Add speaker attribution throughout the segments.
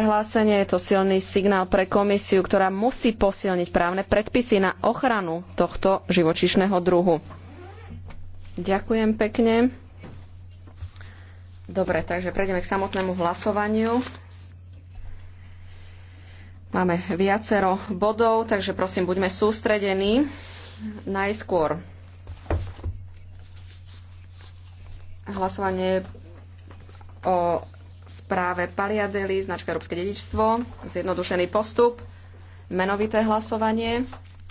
Speaker 1: hlásenie je to silný signál pre komisiu, ktorá musí posilniť právne predpisy na ochranu tohto živočíšneho druhu. Ďakujem pekne. Dobre, takže prejdeme k samotnému hlasovaniu. Máme viacero bodov, takže prosím, buďme sústredení. Najskôr hlasovanie o správe Paliadeli, značka Európske dedičstvo, zjednodušený postup, menovité hlasovanie.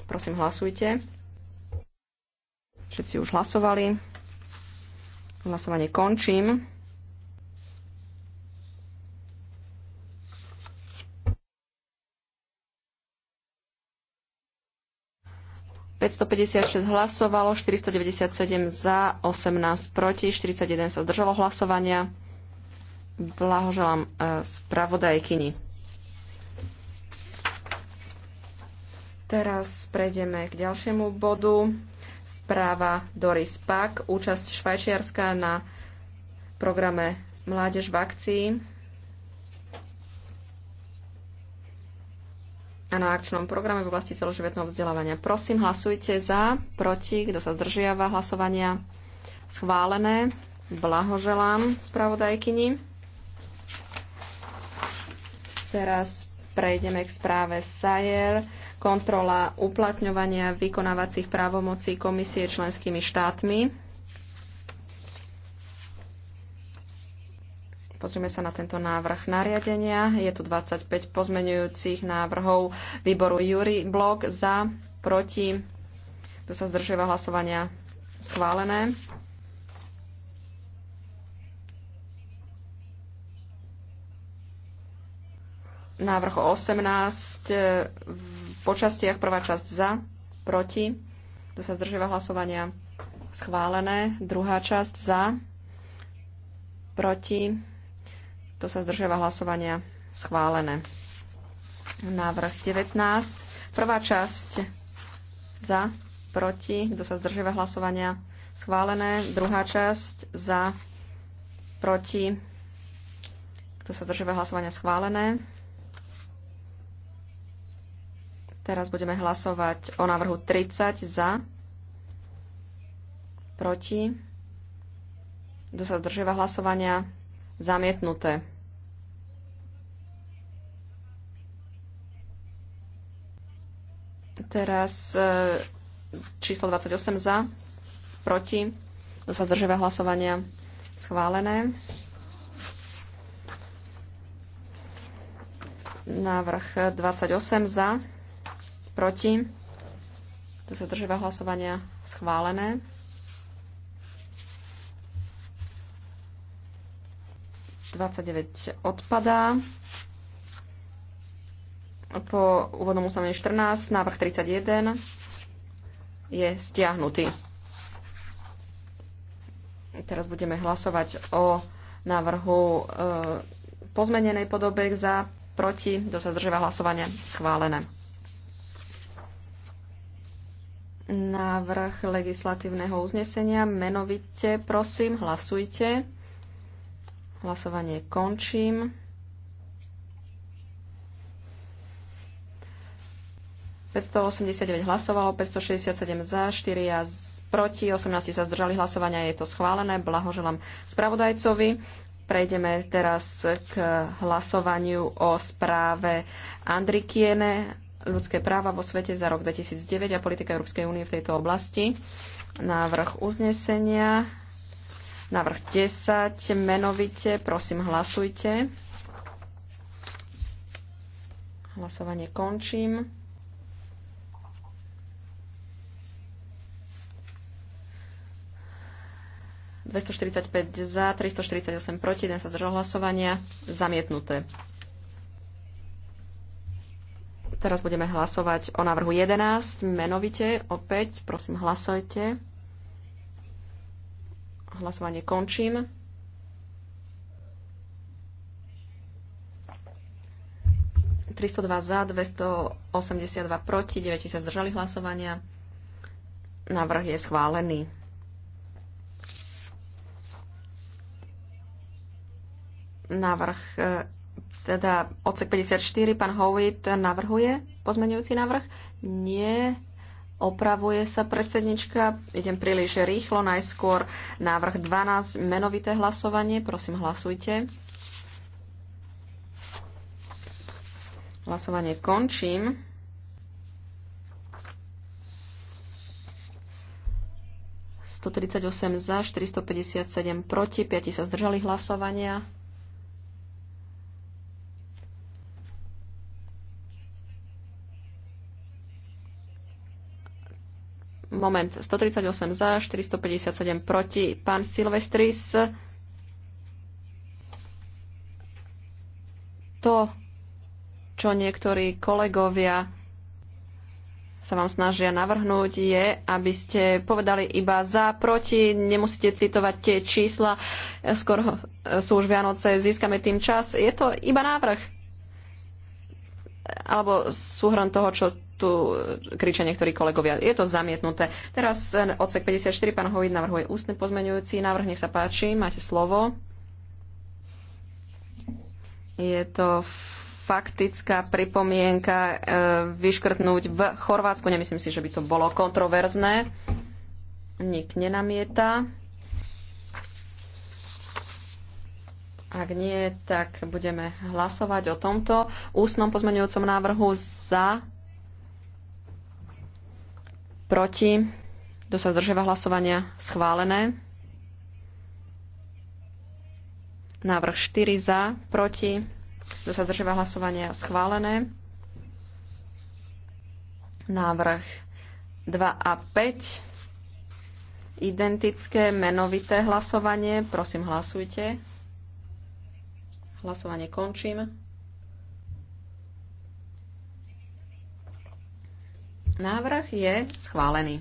Speaker 1: Prosím, hlasujte. Všetci už hlasovali. Hlasovanie končím. ...556 hlasovalo, 497 za, 18 proti, 41 sa zdržalo hlasovania. Blahoželám e, spravodajkyni. Teraz prejdeme k ďalšiemu bodu. Správa Doris Pak, účasť Švajčiarska na programe Mládež v akcii a na akčnom programe v oblasti celoživotného vzdelávania. Prosím, hlasujte za, proti, kto sa zdržiava hlasovania. Schválené. Blahoželám spravodajkyni. Teraz prejdeme k správe SAJER, kontrola uplatňovania vykonávacích právomocí komisie členskými štátmi. Pozrieme sa na tento návrh nariadenia. Je tu 25 pozmenujúcich návrhov výboru Jury. Blok za, proti, kto sa zdržiava hlasovania schválené. Návrh 18 e, v počastiach prvá časť za, proti. Kto sa zdržíva hlasovania? Schválené. Druhá časť za, proti. Kto sa zdržíva hlasovania? Schválené. Návrh 19. Prvá časť za, proti. Kto sa zdržíva hlasovania? Schválené. Druhá časť za, proti. Kto sa zdržíva hlasovania? Schválené. Teraz budeme hlasovať o návrhu 30 za, proti, kto sa zdržíva hlasovania, zamietnuté. Teraz e, číslo 28 za, proti, kto sa zdržíva hlasovania, schválené. Návrh 28 za, proti, to sa držíva hlasovania schválené. odpadá. Po úvodnom ústavení 14, návrh 31 je stiahnutý. Teraz budeme hlasovať o návrhu e, pozmenenej podobe za, proti, kto sa zdržiava hlasovania, schválené. návrh legislatívneho uznesenia. Menovite, prosím, hlasujte. Hlasovanie končím. ...589 hlasovalo, 567 za, 4 a proti, 18 sa zdržali hlasovania, je to schválené. Blahoželám spravodajcovi. Prejdeme teraz k hlasovaniu o správe Andrikiene ľudské práva vo svete za rok 2009 a politika Európskej únie v tejto oblasti. Návrh uznesenia, návrh 10, menovite, prosím hlasujte. Hlasovanie končím. ...245 za, 348 proti, 1 sa zdržal hlasovania, zamietnuté. Teraz budeme hlasovať o návrhu 11, menovite opäť. Prosím, hlasujte. Hlasovanie končím. ...302 za, 282 proti, 9 sa zdržali hlasovania. Návrh je schválený. Návrh teda odsek 54, pán Howitt navrhuje pozmenujúci návrh? Nie. Opravuje sa predsednička. Idem príliš rýchlo. Najskôr návrh 12, menovité hlasovanie. Prosím, hlasujte. Hlasovanie končím. ...138 za, 457 proti, 5 sa zdržali hlasovania. moment 138 za, 457 proti. Pán Silvestris, to, čo niektorí kolegovia sa vám snažia navrhnúť, je, aby ste povedali iba za, proti, nemusíte citovať tie čísla, skoro sú už Vianoce, získame tým čas. Je to iba návrh. Alebo súhrn toho, čo tu kričia niektorí kolegovia. Je to zamietnuté. Teraz odsek 54, pán Hovid navrhuje ústny pozmeňujúci návrh. Nech sa páči, máte slovo. Je to faktická pripomienka e, vyškrtnúť v Chorvátsku. Nemyslím si, že by to bolo kontroverzné. Nik nenamieta. Ak nie, tak budeme hlasovať o tomto ústnom pozmeňujúcom návrhu za proti, kto sa zdržiava hlasovania, schválené. Návrh 4 za, proti, kto sa zdržiava hlasovania, schválené. Návrh 2 a 5, identické, menovité hlasovanie, prosím hlasujte. Hlasovanie končím. Návrh je schválený.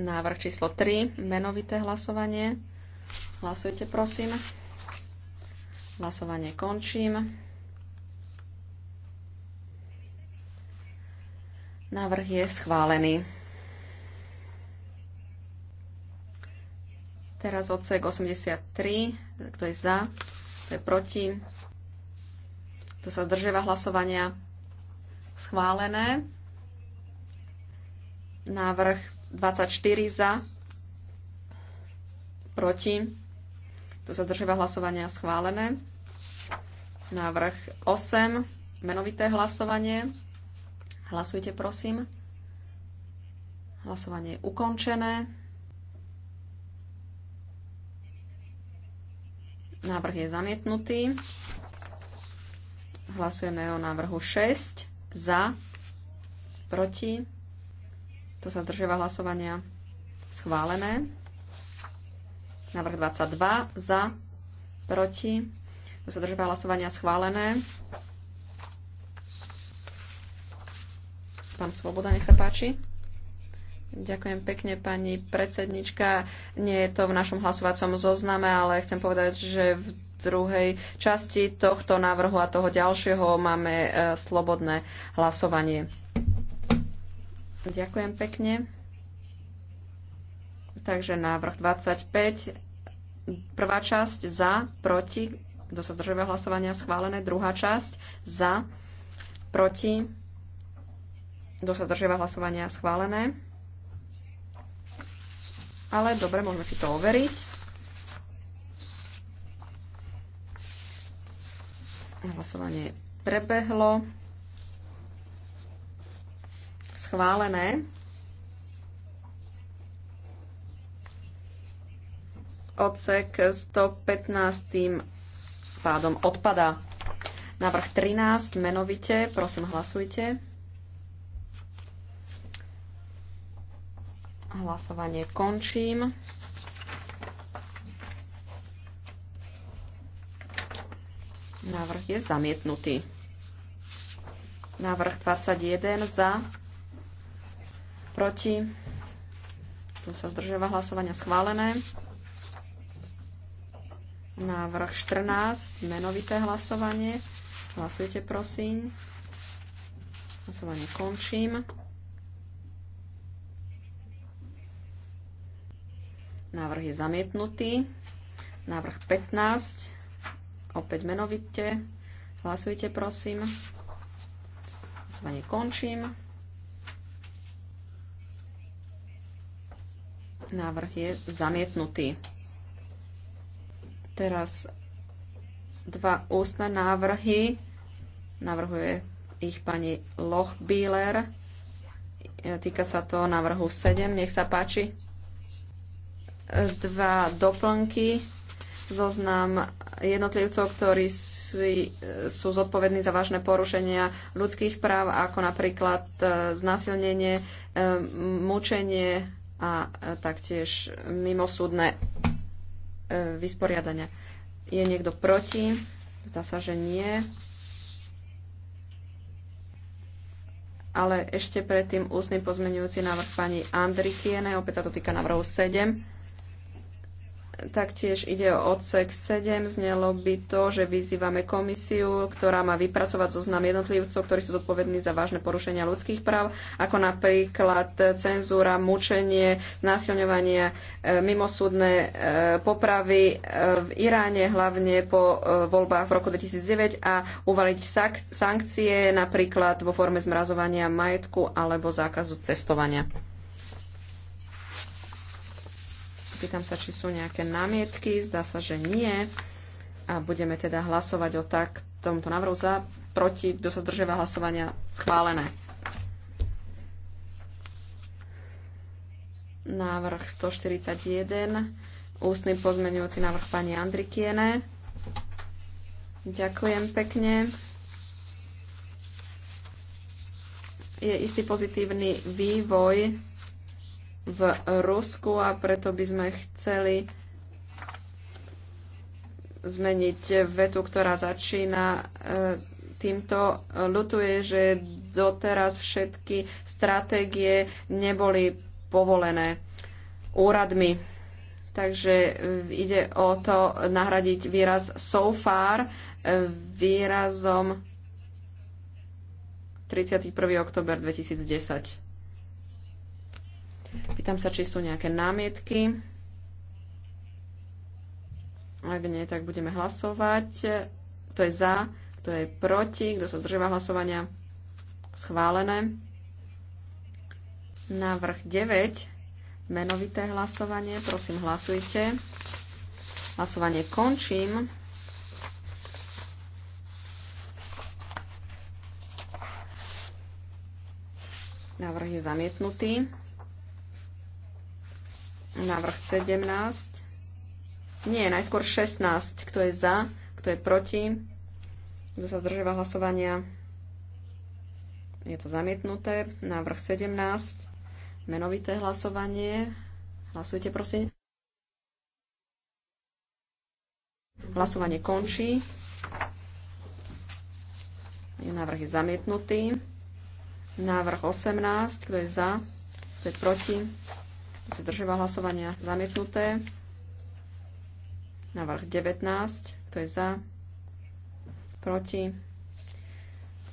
Speaker 1: Návrh číslo 3, menovité hlasovanie. Hlasujte, prosím. Hlasovanie končím. Návrh je schválený. Teraz odsek 83. Kto je za? Kto je proti? Kto sa zdržiava hlasovania? schválené. Návrh 24 za, proti, To sa držíva hlasovania schválené. Návrh 8, menovité hlasovanie. Hlasujte prosím. Hlasovanie je ukončené. Návrh je zamietnutý. Hlasujeme o návrhu 6 za, proti, to sa zdržiava hlasovania schválené. Návrh 22 za, proti, to sa zdržiava hlasovania schválené. Pán Svoboda, nech sa páči. Ďakujem pekne, pani predsednička. Nie je to v našom hlasovacom zozname, ale chcem povedať, že v druhej časti tohto návrhu a toho ďalšieho máme e, slobodné hlasovanie. Ďakujem pekne. Takže návrh 25. Prvá časť za, proti. Kto sa zdržuje hlasovania schválené? Druhá časť za, proti. Kto sa zdržuje hlasovania schválené? ale dobre, môžeme si to overiť. Hlasovanie prebehlo. Schválené. Ocek 115. pádom odpada. Návrh 13, menovite, prosím hlasujte. Hlasovanie končím. Návrh je zamietnutý. Návrh 21 za, proti, tu sa zdržiava hlasovania schválené. Návrh 14, menovité hlasovanie. Hlasujte prosím. Hlasovanie končím. Návrh je zamietnutý. Návrh 15. Opäť menovite. Hlasujte, prosím. Hlasovanie končím. Návrh je zamietnutý. Teraz dva ústne návrhy. Navrhuje ich pani Lochbíler. Týka sa to návrhu 7. Nech sa páči dva doplnky, zoznam jednotlivcov, ktorí si, e, sú zodpovední za vážne porušenia ľudských práv, ako napríklad e, znasilnenie, e, mučenie a taktiež mimosúdne vysporiadania. Je niekto proti? Zdá sa, že nie. Ale ešte predtým ústny pozmenujúci návrh pani Andrikiene, opäť sa to týka návrhu 7. Taktiež ide o odsek 7, znelo by to, že vyzývame komisiu, ktorá má vypracovať zoznam jednotlivcov, ktorí sú zodpovední za vážne porušenia ľudských práv, ako napríklad cenzúra, mučenie, násilňovanie, e, mimosúdne e, popravy e, v Iráne, hlavne po voľbách v roku 2009 a uvaliť sankcie napríklad vo forme zmrazovania majetku alebo zákazu cestovania. Pýtam sa, či sú nejaké námietky. Zdá sa, že nie. A budeme teda hlasovať o tak tomto návrhu za, proti, kto sa zdržiava hlasovania, schválené. Návrh 141, ústny pozmenujúci návrh pani Andrikiene. Ďakujem pekne. Je istý pozitívny vývoj v Rusku a preto by sme chceli zmeniť vetu, ktorá začína e, týmto. Ľutuje, že doteraz všetky stratégie neboli povolené úradmi. Takže e, ide o to nahradiť výraz so far e, výrazom 31. oktober 2010. Pýtam sa, či sú nejaké námietky. Ak nie, tak budeme hlasovať. Kto je za, kto je proti, kto sa zdržíva hlasovania. Schválené. Návrh 9. Menovité hlasovanie. Prosím, hlasujte. Hlasovanie končím. Návrh je zamietnutý. Návrh 17. Nie, najskôr 16. Kto je za, kto je proti, kto sa zdržíva hlasovania. Je to zamietnuté. Návrh 17. Menovité hlasovanie. Hlasujte, prosím. Hlasovanie končí. Návrh je zamietnutý. Návrh 18. Kto je za? Kto je proti? zdržoval hlasovania zamietnuté. Návrh 19, kto je za, proti,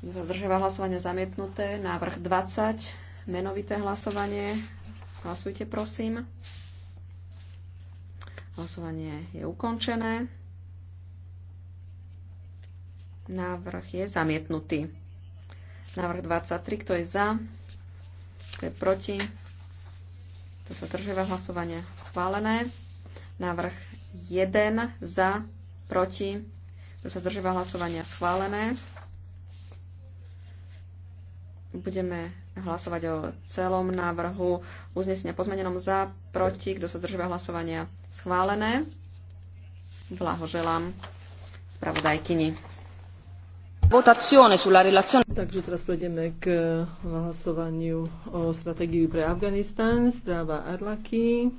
Speaker 1: zdržoval hlasovania zamietnuté. Návrh 20, menovité hlasovanie, hlasujte prosím. Hlasovanie je ukončené. Návrh je zamietnutý. Návrh 23, kto je za, kto je proti, to sa držíva hlasovania schválené. Návrh 1 za, proti. To sa držíva hlasovania schválené. Budeme hlasovať o celom návrhu uznesenia pozmenenom za, proti, kto sa zdržíva hlasovania schválené. Blahoželám spravodajkyni. Takže teraz prejdeme k eh, hlasovaniu
Speaker 2: o stratégiu pre Afganistán. Správa Arlaki.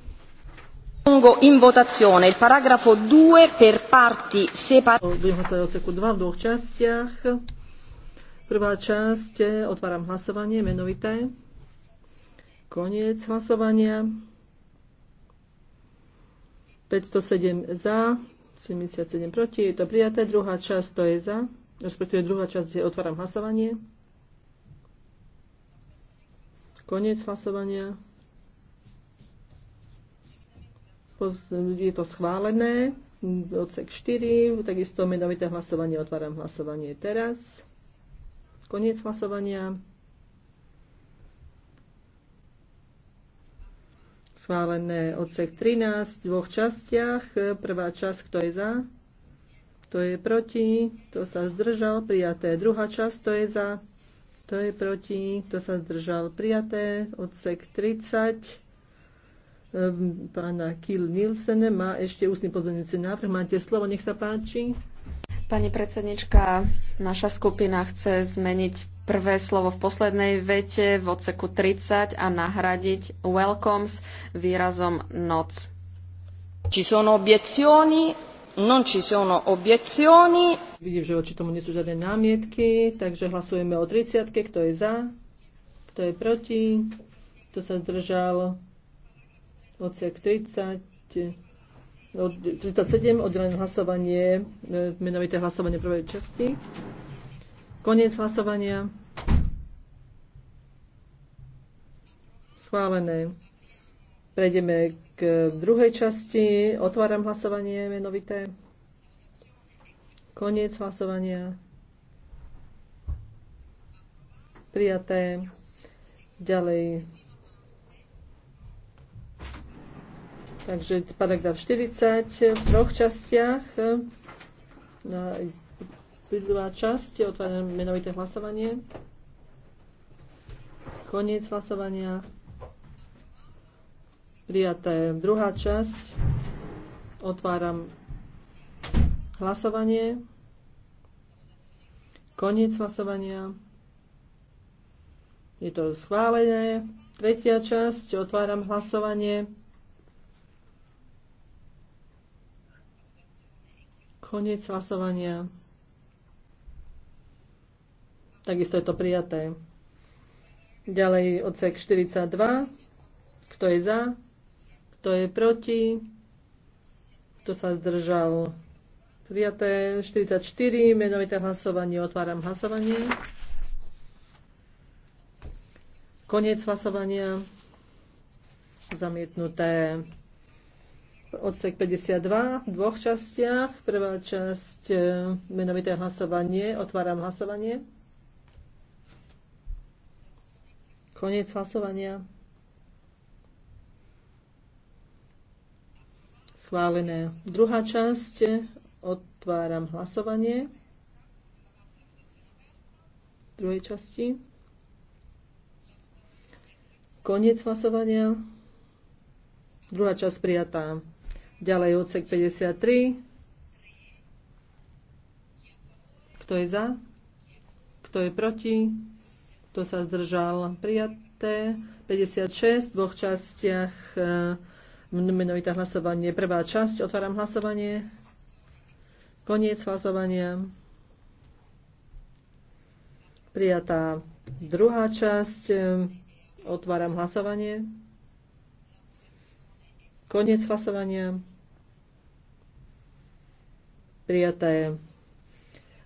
Speaker 2: Pongo in votazione il paragrafo 2 per parti separate. Budem hlasovať o ceku 2 v dvoch častiach. Prvá časť, eh, otváram hlasovanie, menovité. Koniec hlasovania. 507 za, 77 proti, je to prijaté. Druhá časť, to je za respektíve druhá časť je otváram hlasovanie. Koniec hlasovania. Je to schválené. Odsek 4. Takisto menovité hlasovanie. Otváram hlasovanie teraz. Koniec hlasovania. Schválené odsek 13 v dvoch častiach. Prvá časť, kto je za? kto je proti, kto sa zdržal, prijaté. Druhá časť, to je za, kto je proti, kto sa zdržal, prijaté. Odsek 30 ehm, pána Kiel Nielsen
Speaker 1: má ešte ústny pozmeňujúci návrh. Máte slovo, nech sa páči. Pani predsednička, naša skupina chce zmeniť prvé slovo v poslednej vete v odseku 30 a nahradiť welcomes výrazom noc. Ci sono obiezioni? Non ci sono obiezioni. Vidím, že voči
Speaker 2: tomu nie sú žiadne námietky, takže hlasujeme o 30. Kto je za? Kto je proti? Kto sa zdržal? Odsek 30. Od 37. Oddelené hlasovanie, e, menovité hlasovanie prvej časti. Koniec hlasovania. Schválené. Prejdeme k druhej časti. Otváram hlasovanie menovité. Koniec hlasovania. Prijaté. Ďalej. Takže paragraf 40 v troch častiach. Na prvá časť, otváram menovité hlasovanie. Koniec hlasovania. Prijaté druhá časť. Otváram hlasovanie. Koniec hlasovania. Je to schválené. Tretia časť. Otváram hlasovanie. Koniec hlasovania. Takisto je to prijaté. Ďalej odsek 42. Kto je za? Kto je proti? Kto sa zdržal? Prijaté 44, menovité hlasovanie. Otváram hlasovanie. Koniec hlasovania. Zamietnuté odsek 52 v dvoch častiach. Prvá časť e, menovité hlasovanie. Otváram hlasovanie. Koniec hlasovania. Schválené. Druhá časť. Otváram hlasovanie. V druhej časti. Koniec hlasovania. Druhá časť prijatá. Ďalej odsek 53. Kto je za? Kto je proti? Kto sa zdržal? Prijaté. 56 v dvoch častiach. E, menovité hlasovanie. Prvá časť, otváram hlasovanie. Koniec hlasovania. Prijatá druhá časť, otváram hlasovanie. Koniec hlasovania. Prijatá je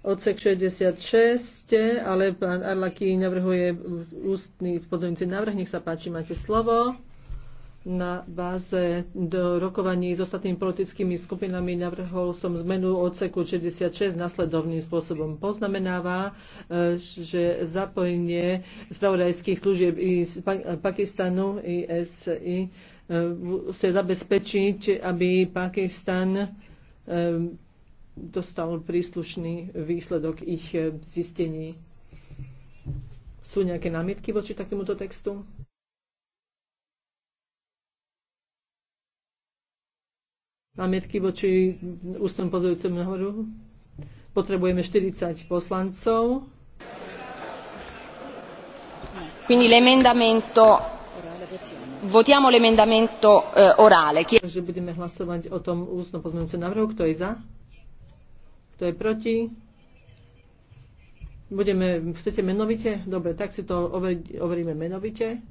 Speaker 2: odsek 66, ale pán Arlaký navrhuje ústny pozornici návrh. Nech sa páči, máte slovo na báze do rokovaní s ostatnými politickými skupinami navrhol som zmenu odseku 66 nasledovným spôsobom. Poznamenáva, e, že zapojenie spravodajských služieb z Pakistanu ISI e, chce zabezpečiť, aby Pakistan e, dostal príslušný výsledok ich zistení. Sú nejaké námietky voči takémuto textu? námietky voči ústnom pozorujúcemu nahoru. Potrebujeme 40 poslancov. Quindi l'emendamento votiamo l'emendamento uh, orale. Chie... Takže budeme hlasovať o tom ústnom pozmeňujúcom návrhu. Kto je za? Kto je proti? Budeme, chcete menovite? Dobre, tak si to overíme menovite.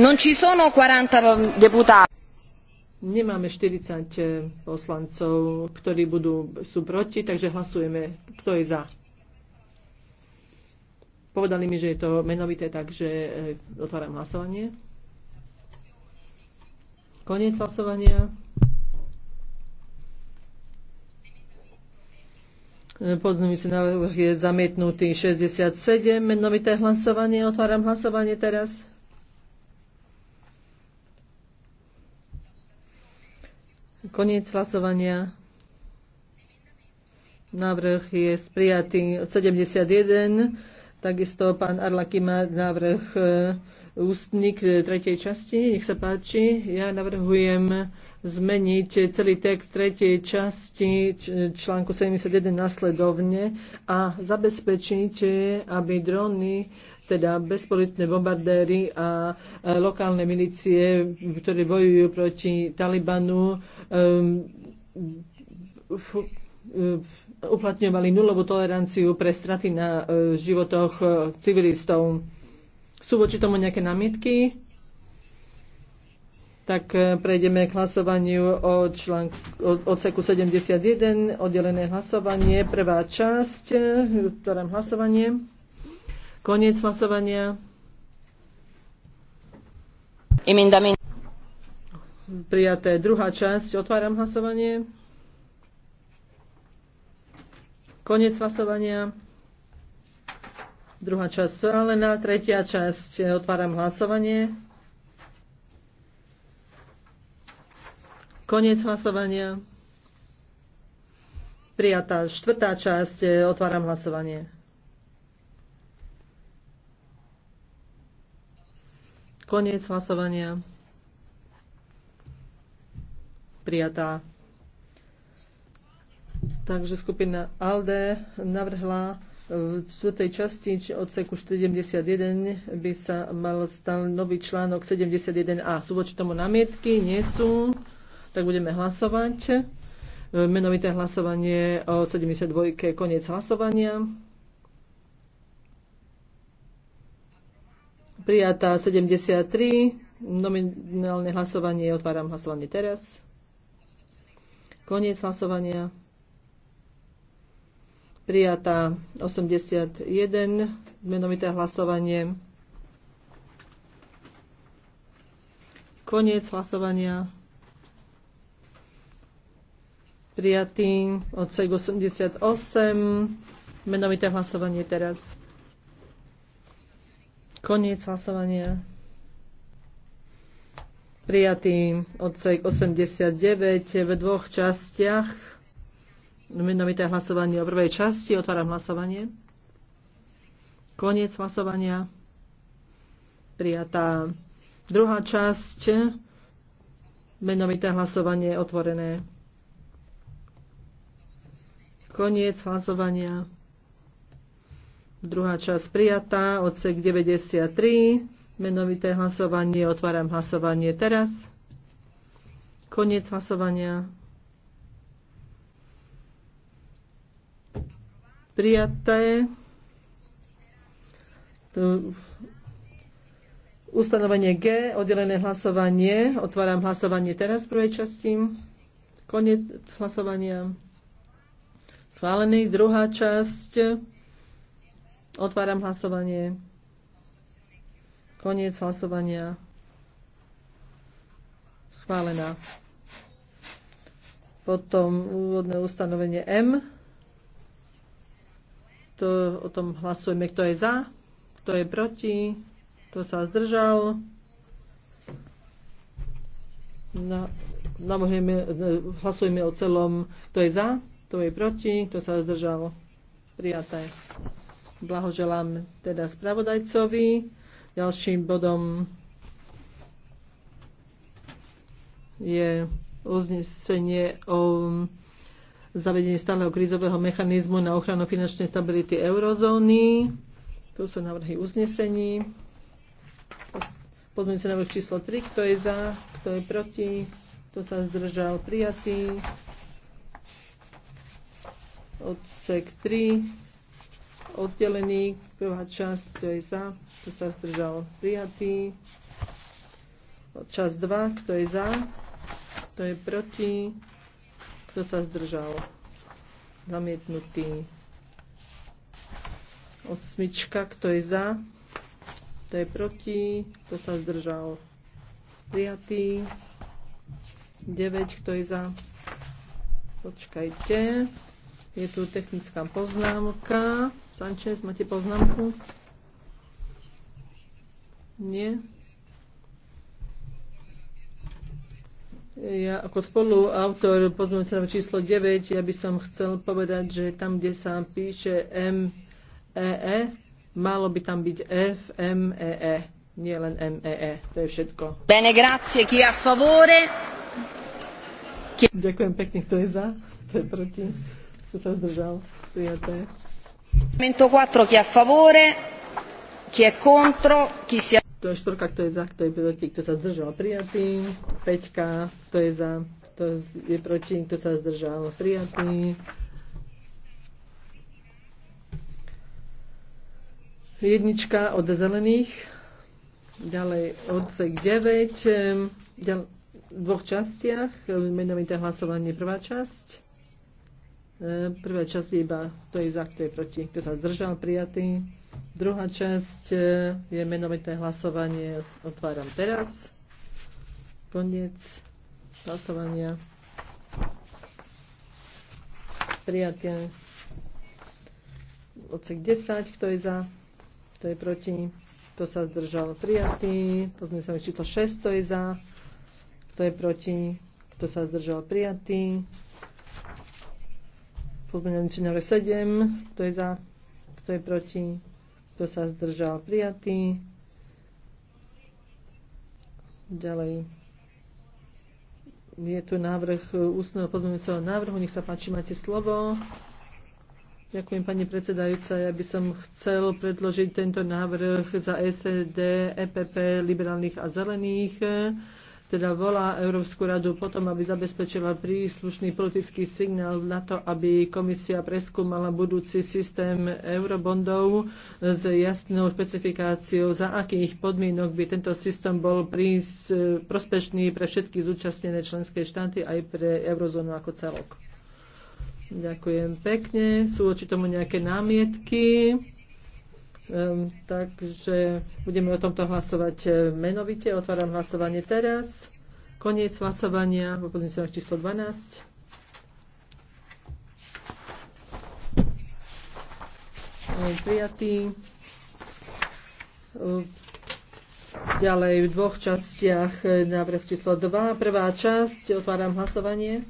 Speaker 1: Non ci sono 40 deputati. Nemáme
Speaker 2: 40 eh, poslancov, ktorí budú, sú proti, takže hlasujeme, kto je za. Povedali mi, že je to menovité, takže eh, otváram hlasovanie. Koniec hlasovania. si eh, návrh je zamietnutý 67. Menovité hlasovanie. Otváram hlasovanie teraz. Koniec hlasovania. Návrh je prijatý 71. Takisto pán Arlaky má návrh eh, ústnik eh, tretej časti. Nech sa páči. Ja navrhujem zmeniť celý text tretej časti článku 71 nasledovne a zabezpečiť, aby drony, teda bezpolitné bombardéry a lokálne milície, ktoré bojujú proti Talibanu, um, uplatňovali nulovú toleranciu pre straty na e, životoch e, civilistov. Sú voči tomu nejaké namietky? tak e, prejdeme k hlasovaniu o, článku odseku 71, oddelené hlasovanie, prvá časť, ktorám e, hlasovanie, koniec hlasovania. Prijaté druhá časť, otváram hlasovanie. Koniec hlasovania. Druhá časť na tretia časť, otváram hlasovanie. Koniec hlasovania. Prijatá štvrtá časť. E, otváram hlasovanie. Koniec hlasovania. Prijatá. Takže skupina ALDE navrhla e, v čtvrtej časti či odseku 71 by sa mal stal nový článok 71a. Sú voči tomu namietky? Nie sú tak budeme hlasovať. E, menovité hlasovanie o 72. koniec hlasovania. Prijatá 73. Nominálne hlasovanie. Otváram hlasovanie teraz. Koniec hlasovania. Prijatá 81. Menovité hlasovanie. Koniec hlasovania prijatý odsek 88. Menovité hlasovanie teraz. Koniec hlasovania. Prijatý odsek 89 v dvoch častiach. Menovité hlasovanie o prvej časti. Otváram hlasovanie. Koniec hlasovania. Prijatá druhá časť. Menovité hlasovanie otvorené. Koniec hlasovania. Druhá časť prijatá, odsek 93. Menovité hlasovanie, otváram hlasovanie teraz. Koniec hlasovania. Prijaté. Ustanovenie G, oddelené hlasovanie. Otváram hlasovanie teraz v prvej časti. Koniec hlasovania. Schválený. Druhá časť. Otváram hlasovanie. Koniec hlasovania. Schválená. Potom úvodné ustanovenie M. To, o tom hlasujeme, kto je za, kto je proti, kto sa zdržal. Na, hlasujeme o celom, kto je za, kto je proti? Kto sa zdržal? Prijaté. Blahoželám teda spravodajcovi. Ďalším bodom je uznesenie o zavedení stáleho krízového mechanizmu na ochranu finančnej stability eurozóny. Tu sú návrhy uznesení. Pozmeňujúci návrh číslo 3. Kto je za? Kto je proti? Kto sa zdržal? Prijatý odsek 3, oddelený, prvá časť, kto je za, kto sa zdržal, prijatý. Časť 2, kto je za, kto je proti, kto sa zdržal, zamietnutý. Osmička, kto je za, kto je proti, kto sa zdržal, prijatý. 9, kto je za, počkajte. Je tu technická poznámka. Sanchez, máte poznámku? Nie? Ja ako spoluautor pozmeňovacieho číslo 9, ja by som chcel povedať, že tam, kde sa píše M, E, E, malo by tam byť F, M, E, E, nie len M, E, E. To je všetko.
Speaker 1: Bene, grazie, chi a favore.
Speaker 2: Ďakujem pekne, kto je za, kto je proti. Kto sa zdržal? Prijaté.
Speaker 1: Mento 4, chi
Speaker 2: a favore, chi è contro, chi si to je štvorka, kto je za, kto je proti, kto sa zdržal prijatý. Peťka, kto je za, kto je proti, kto sa zdržal prijatý. Jednička od zelených. Ďalej odsek 9. v dvoch častiach. Menovité hlasovanie prvá časť. E, prvá časť iba to je za, kto je proti, kto sa zdržal prijatý. Druhá časť e, je menovité hlasovanie. Otváram teraz. Koniec hlasovania. Prijatie. Odsek 10, kto je za, kto je proti, kto sa zdržal prijatý. Pozme sa či to 6, kto je za, kto je proti, kto sa zdržal prijatý. Pozmeňujúci návrh 7. Kto je za? Kto je proti? Kto sa zdržal? Prijatý. Ďalej. Je tu návrh ústneho pozmeňujúceho návrhu. Nech sa páči, máte slovo. Ďakujem, pani predsedajúca. Ja by som chcel predložiť tento návrh za SED, EPP, liberálnych a zelených teda volá Európsku radu potom, aby zabezpečila príslušný politický signál na to, aby komisia preskúmala budúci systém eurobondov s jasnou špecifikáciou, za akých podmienok by tento systém bol prís, prospešný pre všetky zúčastnené členské štáty aj pre eurozónu ako celok. Ďakujem pekne. Sú oči tomu nejaké námietky? takže budeme o tomto hlasovať eh, menovite. Otváram hlasovanie teraz. Koniec hlasovania v opozíciách číslo 12. Prijatý. Ďalej v dvoch častiach eh, návrh číslo 2. Prvá časť, otváram hlasovanie.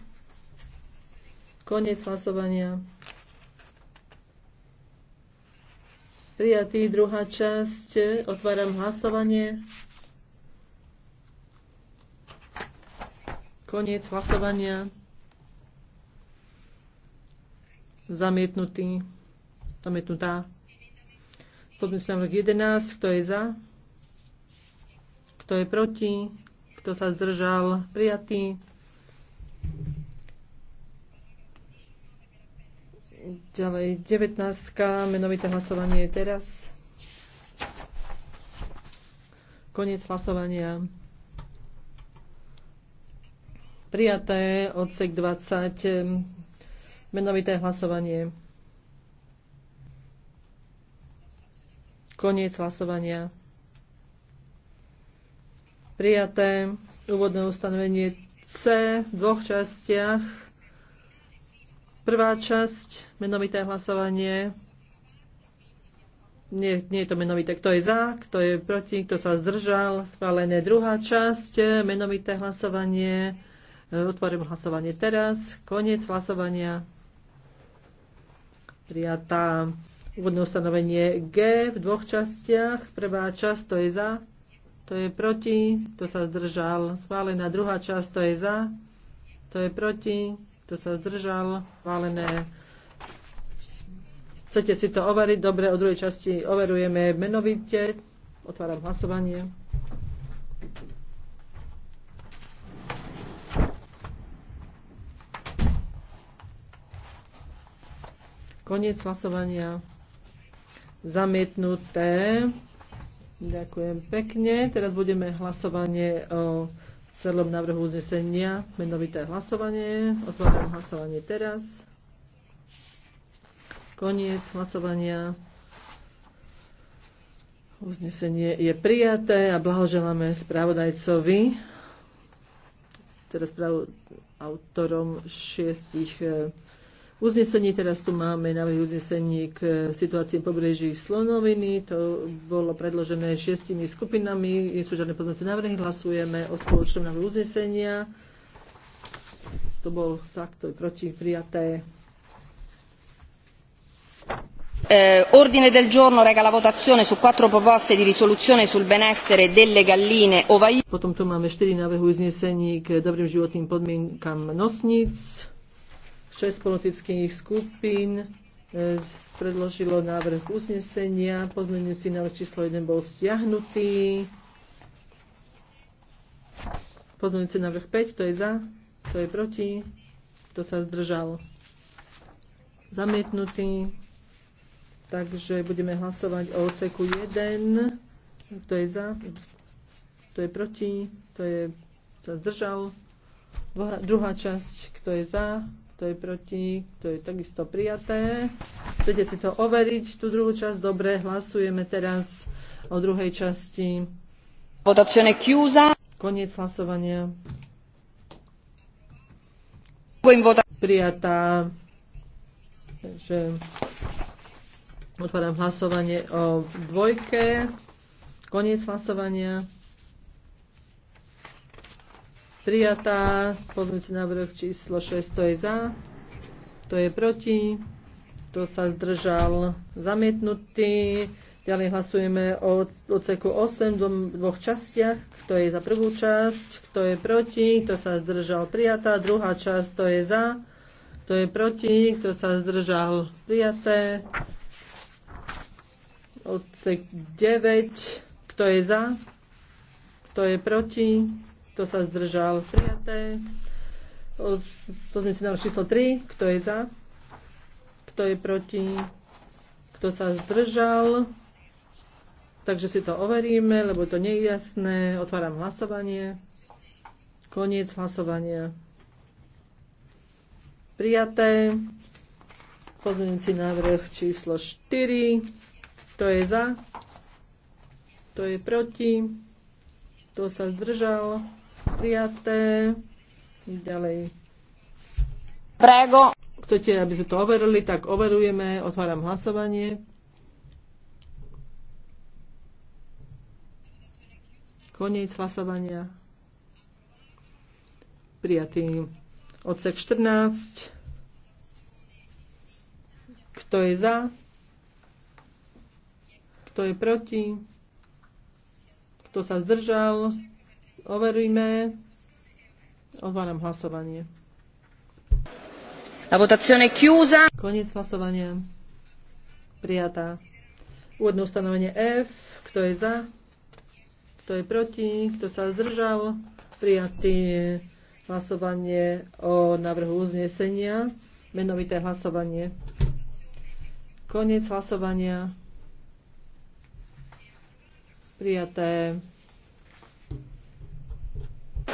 Speaker 2: Koniec hlasovania. Sviatý Druhá časť. Otváram hlasovanie. Koniec hlasovania. Zamietnutý. Zamietnutá. Pozmysl rok 11. Kto je za? Kto je proti? Kto sa zdržal? Prijatý. Ďalej 19. Menovité hlasovanie je teraz. Koniec hlasovania. Prijaté odsek 20. Menovité hlasovanie. Koniec hlasovania. Prijaté úvodné ustanovenie C v dvoch častiach. Prvá časť, menovité hlasovanie. Nie, nie je to menovité. Kto je za, kto je proti, kto sa zdržal. Schválené druhá časť, menovité hlasovanie. Otvorím hlasovanie teraz. Koniec hlasovania. Prijatá úvodné ustanovenie G v dvoch častiach. Prvá časť, to je za, to je proti, to sa zdržal. Schválená druhá časť, to je za, to je proti, to sa zdržal, válené. Chcete si to overiť? Dobre, o druhej časti overujeme menovite. Otváram hlasovanie. Koniec hlasovania. Zamietnuté. Ďakujem pekne. Teraz budeme hlasovanie o celom návrhu uznesenia menovité hlasovanie. Otváram hlasovanie teraz. Koniec hlasovania. Uznesenie je prijaté a blahoželáme správodajcovi, teda správ autorom šiestich eh, Uznesenie Teraz tu máme návrh uznesenie k situácii pobreží Slonoviny. To bolo predložené šiestimi skupinami. Nie sú žiadne poznáce návrhy. Hlasujeme o spoločnom návrhu uznesenia.
Speaker 1: To bol za, kto proti, prijaté. Eh, ordine del giorno rega la votazione su quattro proposte di risoluzione sul benessere delle galline ovaie. Potom tu máme štyri
Speaker 2: návrhy uznesení k dobrým životným podmienkam nosníc. 6 politických skupín e, predložilo návrh uznesenia. Pozmeňujúci návrh číslo 1 bol stiahnutý. Pozmeňujúci návrh 5, to je za, to je proti, to sa zdržal. Zamietnutý. Takže budeme hlasovať o oceku 1. Kto je za? Kto je proti? to je, sa zdržal? Druhá časť. Kto je za? kto je proti, to je takisto prijaté. Chcete si to overiť, tú druhú časť? Dobre, hlasujeme teraz o druhej časti. Votazione chiusa. Koniec hlasovania. Prijatá. Takže otváram hlasovanie o dvojke. Koniec hlasovania prijatá. Pozmeňujúci návrh číslo 6, to je za, to je proti, to sa zdržal zamietnutý. Ďalej hlasujeme o odseku 8 v dvoch častiach. Kto je za prvú časť, kto je proti, kto sa zdržal prijatá. Druhá časť, to je za, kto je proti, kto sa zdržal prijaté. Odsek 9, kto je za, kto je proti, kto sa zdržal? Prijaté. Pozmite nám číslo 3. Kto je za? Kto je proti? Kto sa zdržal? Takže si to overíme, lebo to nie je jasné. Otváram hlasovanie. Koniec hlasovania. Prijaté. Pozmeňujúci návrh číslo 4. Kto je za? Kto je proti? Kto sa zdržal? prijaté. Ďalej. Prego. Chcete, aby sme to overili, tak overujeme. Otváram hlasovanie. Koniec hlasovania. Prijatý odsek 14. Kto je za? Kto je proti? Kto sa zdržal? overujme. Odváram hlasovanie. La votazione chiusa. Koniec hlasovania. Prijatá. Úvodné ustanovenie F. Kto je za? Kto je proti? Kto sa zdržal? Prijatý hlasovanie o návrhu uznesenia. Menovité hlasovanie. Koniec hlasovania. Prijaté.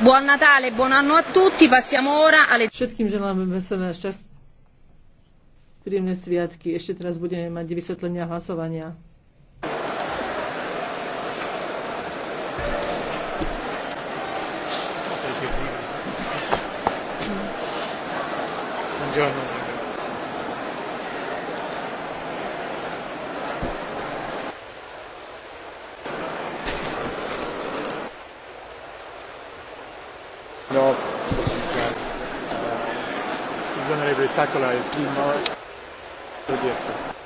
Speaker 2: Buon Natale, buon anno a tutti. Passiamo ora alle... Všetkým želám veselé šťastie príjemné sviatky. Ešte teraz budeme mať vysvetlenia hlasovania. Buongiorno. No, Onorevole Tacola è il primo progetto.